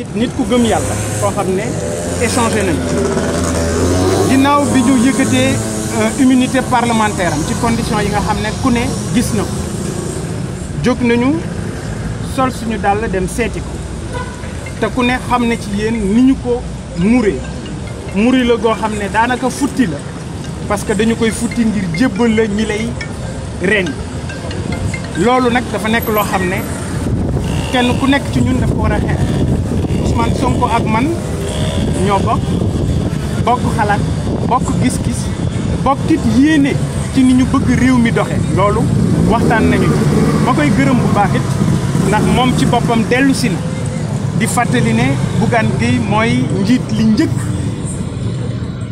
nekkit nit ku gëm yàlla koo xam ne échangé nañ ginnaaw bi ñu yëkkatee euh, immunité parlementaire ci condition yi nga xam ne ku ne gis na ko jóg nañu sol suñu dàll dem seeti ko te ku ne xam ne ci yéen ni ñu ko muree muri la goo xam ne daanaka futti la parce que dañu koy futti ngir jébbal la ñi lay reen loolu nag dafa nekk loo xam ne kenn ku nekk ci ñun daf war a xeex Ousmane Sonko ak man ñoo bokk bokk xalaat bokk gis-gis bokk it ci ni ñu bëgg réew mi doxe loolu waxtaan nañu ma koy gërëm bu baax ndax moom ci boppam dellusi na di fàttali ne Bougane gi mooy njiit li njëkk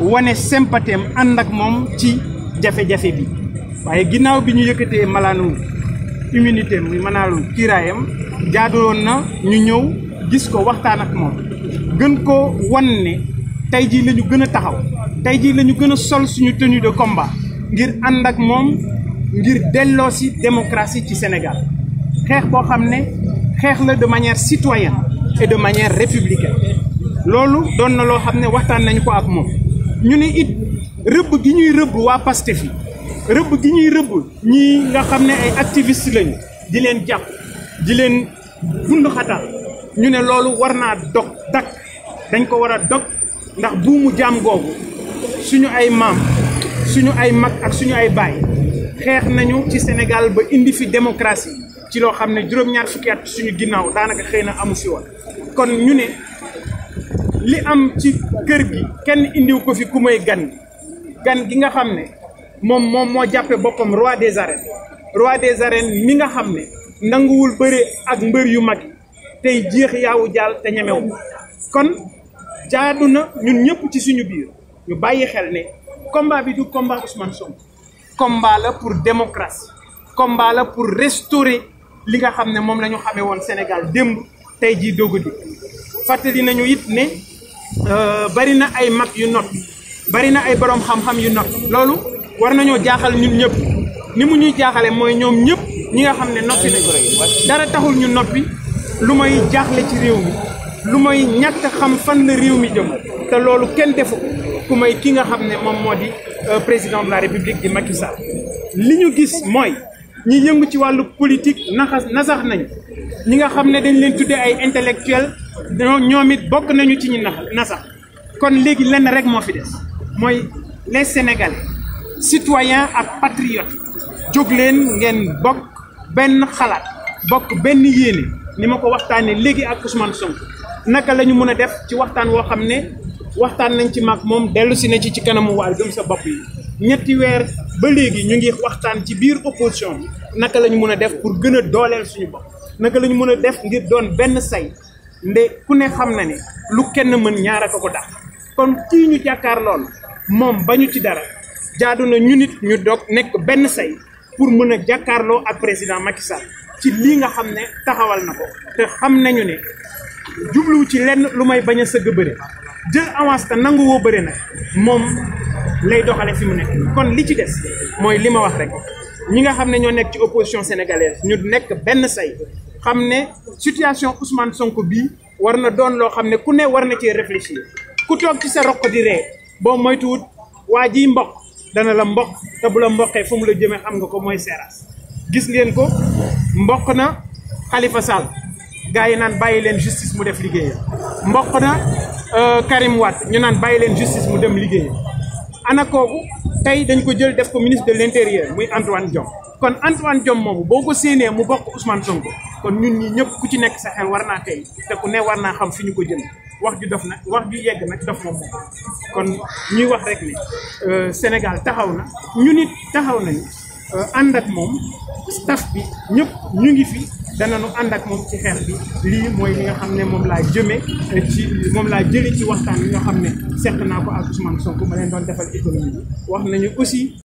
wane sympathie am ànd ak moom ci jafe-jafe bi waaye ginnaaw bi ñu yëkkatee malaanu immunité muy manaalum kiiraayam jaaduloon na ñu ñëw gis ko waxtaan ak moom gën ko wan ne tey jii lañu ñu gën a taxaw tey jii lañu ñu gën a sol suñu tenue de combat ngir ànd ak moom ngir delloo si démocratie ci senegal xeex boo xam ne xeex la de manière citoyenne et de manière républicaine loolu doon na loo xam ne waxtaan nañu ko ak moom ñu ne it rëbb gi ñuy rëbb waa Pastef yi rëbb gi ñuy rëbb ñii nga xam ne ay activistes lañu di leen jàpp di leen bund ñu ne loolu war naa dog dak dañ ko war a dog ndax buumu jaam googu suñu ay maam suñu ay mag ak suñu ay baay xeex nañu ci senegal ba indi fi démocratie ci loo xam ne juróom suñu ginnaaw daanaka xëy na amu fi woon kon ñu ne li am ci kër gi kenn indiw ko fi ku may gan gan gi nga xam ne moom moom moo jàppe boppam roi des arènes roi des arènes mi nga xam ne nanguwul bëre ak mbër yu mag yi tey jeex yaawu jaal te ñemew kon jaadu na ñun ñëpp ci suñu biir ñu bàyyi xel ne combat bi du combat Ousmane Sonko combat la pour démocratie combat la pour restaurer li nga xam ne moom la ñu xamee woon Sénégal démb tey jii doog di fàttali nañu it ne euh, bari na ay mag yu not bari na ay borom xam-xam yu not loolu war nañoo jaaxal ñun ñëpp ni mu ñuy jaaxale mooy ñoom ñëpp ñi nga xam ne noppi nañu dara taxul ñu noppi lu may jaaxle ci réew mi lu may ñàkk xam fan la réew mi jëm te loolu kenn defu ku may ki nga xam ne moom moo di euh, président de la république di Macky li ñu gis mooy ñi yëngu ci wàllu politique naxas nasax nañ ñi nga xam ne dañ leen tuddee ay intellectuel ñoom it bokk nañu ci ñi nax nasax kon léegi lenn rek moo fi des mooy les sénégalais citoyens ak patriotes jóg leen ngeen bokk benn xalaat bokk benn yéene. ni ma ko waxtaanee léegi ak Ousmane Sonko naka la ñu mën a def ci waxtaan woo xam ne waxtaan nañ ci mag moom dellu si na ci ci kanamu waa gëm sa bopp yi ñetti weer ba léegi ñu ngi waxtaan ci biir opposition bi naka la ñu mën a def pour gën a dooleel suñu bopp naka la ñu mën a def ngir doon benn say nde ku ne xam na ne lu kenn mën ñaar a ko ko kon kii ñu jàkkaarloon lool moom bañu ci dara jaadu na ñu nit ñu dog nekk benn say pour mën a jàkkaarloo ak président Macky Sall ci lii nga xam ne taxawal na ko te xam nañu ne jubluwu ci lenn lu may bañ a sëgg bëri jël avance te nangu woo bëri nag moom lay doxale fi mu nekk kon li ci des mooy li ma wax rek ñi nga xam ne ñoo nekk ci opposition sénégalaise ñu nekk benn say xam ne situation Ousmane Sonko bii war na doon loo xam ne ku ne war na cee réfléchir ku toog ci sa roq di ree boo moytuwut waa jiy mboq dana la mboq te bu la mboqee fu mu la jëmee xam nga ko mooy seeraas gis ngeen ko mboq na xalifa Sall gars yi naan bàyyi leen justice mu def liggéeyam mboq na euh, Karim Wade ñu naan bàyyi leen justice mu dem liggéeyam ana kooku tey dañ ko jël def ko ministre de l'intérieur muy Antoine Diome kon Antoine Diome moomu boo ko séenee mu bokk Ousmane Sonko kon ñun ñi ñëpp ku ci nekk sa war naa tey te ku ne war naa xam fi ñu ko jël wax ju dof nag wax ju yegg nag dof moom kon ñuy wax rek ne euh, Sénégal taxaw na ñu nit taxaw nañu Euh, ànd ak moom staff bi ñëpp ñu ngi fi nu ànd ak moom ci xeex bi lii mooy li nga xam ne moom laa jëme euh, ci moom laa jëli ci waxtaan bi nga xam ne seq naa ko ak Ousmane Sonko ma leen doon defal économie bi wax nañu aussi